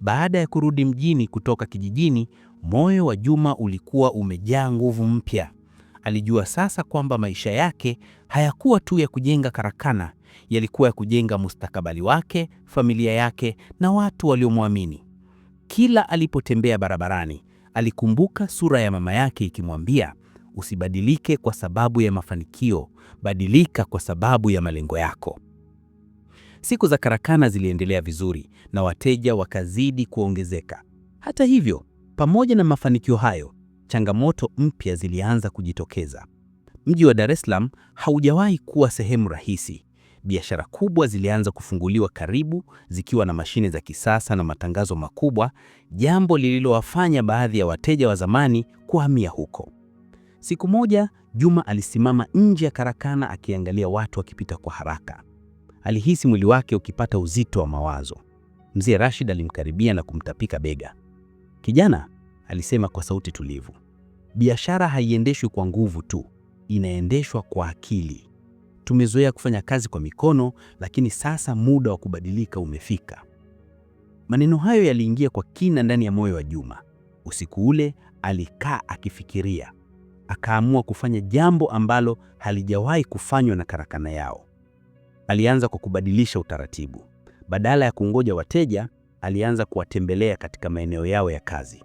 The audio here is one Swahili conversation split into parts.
Baada ya kurudi mjini kutoka kijijini, moyo wa Juma ulikuwa umejaa nguvu mpya. Alijua sasa kwamba maisha yake hayakuwa tu ya kujenga karakana, yalikuwa ya kujenga mustakabali wake, familia yake na watu waliomwamini. Kila alipotembea barabarani, alikumbuka sura ya mama yake ikimwambia, usibadilike kwa sababu ya mafanikio, badilika kwa sababu ya malengo yako. Siku za karakana ziliendelea vizuri na wateja wakazidi kuongezeka. Hata hivyo, pamoja na mafanikio hayo, changamoto mpya zilianza kujitokeza. Mji wa Dar es Salaam haujawahi kuwa sehemu rahisi. Biashara kubwa zilianza kufunguliwa karibu, zikiwa na mashine za kisasa na matangazo makubwa, jambo lililowafanya baadhi ya wateja wa zamani kuhamia huko. Siku moja, Juma alisimama nje ya karakana akiangalia watu wakipita kwa haraka alihisi mwili wake ukipata uzito wa mawazo. Mzee Rashid alimkaribia na kumtapika bega. Kijana, alisema kwa sauti tulivu, biashara haiendeshwi kwa nguvu tu, inaendeshwa kwa akili. Tumezoea kufanya kazi kwa mikono, lakini sasa muda wa kubadilika umefika. Maneno hayo yaliingia kwa kina ndani ya moyo wa Juma. Usiku ule alikaa akifikiria, akaamua kufanya jambo ambalo halijawahi kufanywa na karakana yao alianza kwa kubadilisha utaratibu. Badala ya kungoja wateja, alianza kuwatembelea katika maeneo yao ya kazi: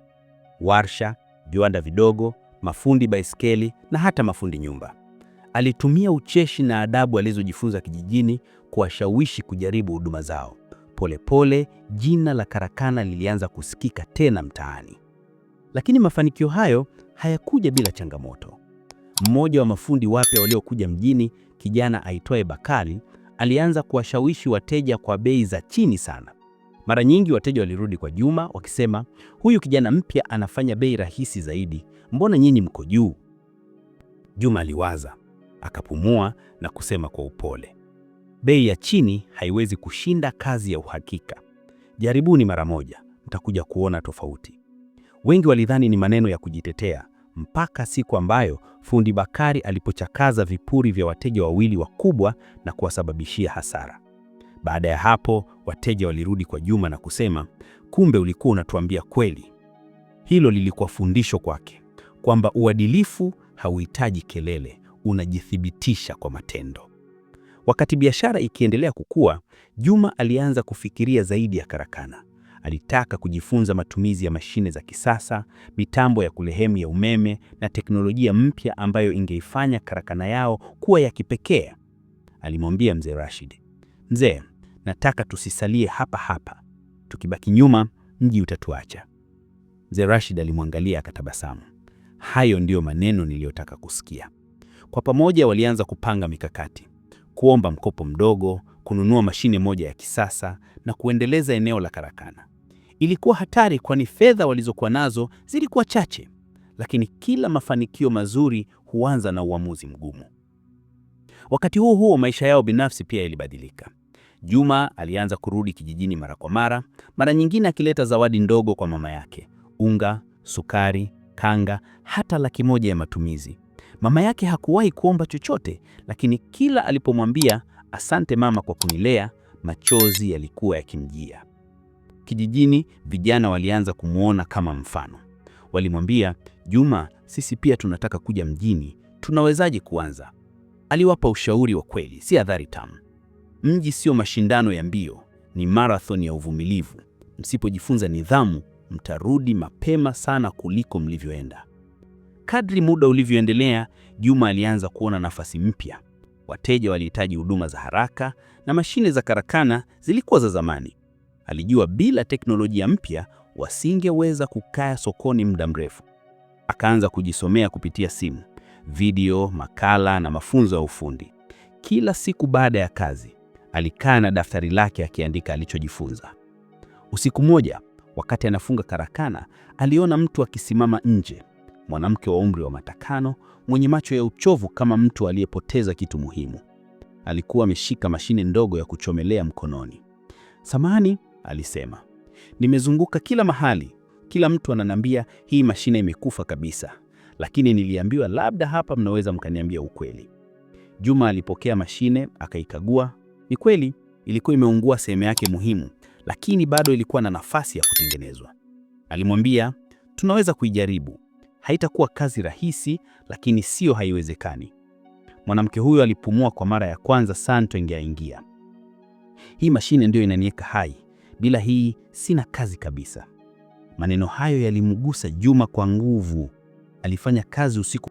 warsha, viwanda vidogo, mafundi baiskeli na hata mafundi nyumba. Alitumia ucheshi na adabu alizojifunza kijijini kuwashawishi kujaribu huduma zao. Polepole pole, jina la karakana lilianza kusikika tena mtaani. Lakini mafanikio hayo hayakuja bila changamoto. Mmoja wa mafundi wapya waliokuja mjini, kijana aitwaye Bakari, alianza kuwashawishi wateja kwa bei za chini sana. Mara nyingi wateja walirudi kwa Juma wakisema, huyu kijana mpya anafanya bei rahisi zaidi, mbona nyinyi mko juu? Juma aliwaza, akapumua na kusema kwa upole, bei ya chini haiwezi kushinda kazi ya uhakika. Jaribuni mara moja, mtakuja kuona tofauti. Wengi walidhani ni maneno ya kujitetea, mpaka siku ambayo fundi Bakari alipochakaza vipuri vya wateja wawili wakubwa na kuwasababishia hasara. Baada ya hapo, wateja walirudi kwa Juma na kusema, kumbe ulikuwa unatuambia kweli. Hilo lilikuwa fundisho kwake kwamba uadilifu hauhitaji kelele, unajithibitisha kwa matendo. Wakati biashara ikiendelea kukua, Juma alianza kufikiria zaidi ya karakana. Alitaka kujifunza matumizi ya mashine za kisasa, mitambo ya kulehemu ya umeme na teknolojia mpya ambayo ingeifanya karakana yao kuwa ya kipekee. Alimwambia mzee Rashid, mzee, nataka tusisalie hapa hapa, tukibaki nyuma mji utatuacha. Mzee Rashid alimwangalia akatabasamu. Hayo ndiyo maneno niliyotaka kusikia. Kwa pamoja walianza kupanga mikakati, kuomba mkopo mdogo, kununua mashine moja ya kisasa na kuendeleza eneo la karakana. Ilikuwa hatari, kwani fedha walizokuwa nazo zilikuwa chache, lakini kila mafanikio mazuri huanza na uamuzi mgumu. Wakati huo huo, maisha yao binafsi pia yalibadilika. Juma alianza kurudi kijijini mara kwa mara, mara nyingine akileta zawadi ndogo kwa mama yake: unga, sukari, kanga, hata laki moja ya matumizi. Mama yake hakuwahi kuomba chochote, lakini kila alipomwambia asante mama kwa kunilea, machozi yalikuwa yakimjia. Kijijini vijana walianza kumwona kama mfano. Walimwambia, Juma, sisi pia tunataka kuja mjini, tunawezaje kuanza? Aliwapa ushauri wa kweli, si adhari tamu. Mji sio mashindano ya mbio, ni marathon ya uvumilivu. Msipojifunza nidhamu, mtarudi mapema sana kuliko mlivyoenda. Kadri muda ulivyoendelea, Juma alianza kuona nafasi mpya. Wateja walihitaji huduma za haraka na mashine za karakana zilikuwa za zamani. Alijua bila teknolojia mpya wasingeweza kukaa sokoni muda mrefu. Akaanza kujisomea kupitia simu, video, makala na mafunzo ya ufundi. Kila siku baada ya kazi alikaa na daftari lake akiandika alichojifunza. Usiku mmoja, wakati anafunga karakana, aliona mtu akisimama nje, mwanamke wa umri wa matakano, mwenye macho ya uchovu kama mtu aliyepoteza kitu muhimu. Alikuwa ameshika mashine ndogo ya kuchomelea mkononi. Samahani, alisema. Nimezunguka kila mahali, kila mtu ananiambia hii mashine imekufa kabisa, lakini niliambiwa labda hapa mnaweza mkaniambia ukweli. Juma alipokea mashine akaikagua. Ni kweli ilikuwa imeungua sehemu yake muhimu, lakini bado ilikuwa na nafasi ya kutengenezwa. Alimwambia, tunaweza kuijaribu, haitakuwa kazi rahisi, lakini sio haiwezekani. Mwanamke huyo alipumua kwa mara ya kwanza Santo ingeaingia. Hii mashine ndiyo inaniweka hai, bila hii sina kazi kabisa. Maneno hayo yalimgusa Juma kwa nguvu. Alifanya kazi usiku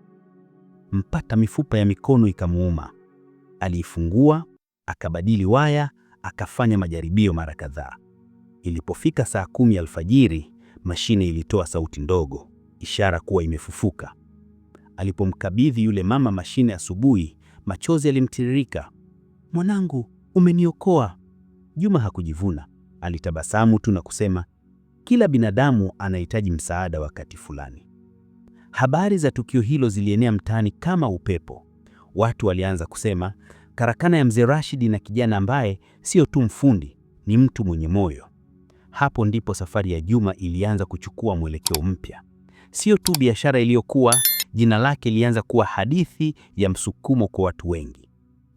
mpaka mifupa ya mikono ikamuuma. Aliifungua, akabadili waya, akafanya majaribio mara kadhaa. Ilipofika saa kumi alfajiri, mashine ilitoa sauti ndogo, ishara kuwa imefufuka. Alipomkabidhi yule mama mashine asubuhi, machozi yalimtiririka. Mwanangu, umeniokoa. Juma hakujivuna, Alitabasamu tu na kusema, kila binadamu anahitaji msaada wakati fulani. Habari za tukio hilo zilienea mtaani kama upepo. Watu walianza kusema karakana ya mzee Rashid na kijana ambaye sio tu mfundi, ni mtu mwenye moyo. Hapo ndipo safari ya Juma ilianza kuchukua mwelekeo mpya. Sio tu biashara iliyokuwa, jina lake lilianza kuwa hadithi ya msukumo kwa watu wengi.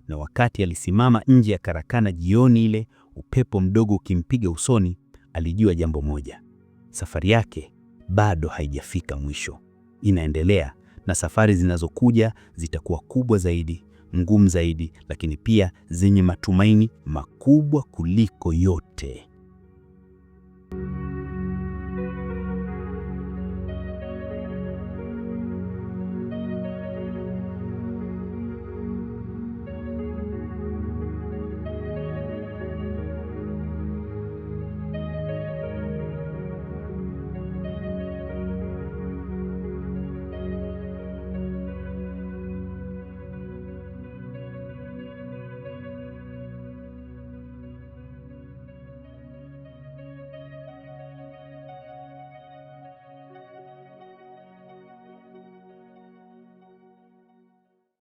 Na wakati alisimama nje ya karakana jioni ile, upepo mdogo ukimpiga usoni, alijua jambo moja: safari yake bado haijafika mwisho, inaendelea, na safari zinazokuja zitakuwa kubwa zaidi, ngumu zaidi, lakini pia zenye matumaini makubwa kuliko yote.